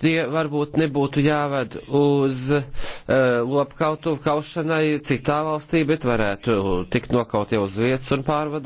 tie varbūt nebūtu jāved uz uh, lopkautu kaušanai citā valstī, bet varētu tikt nokautie uz vietas un pārvadāt.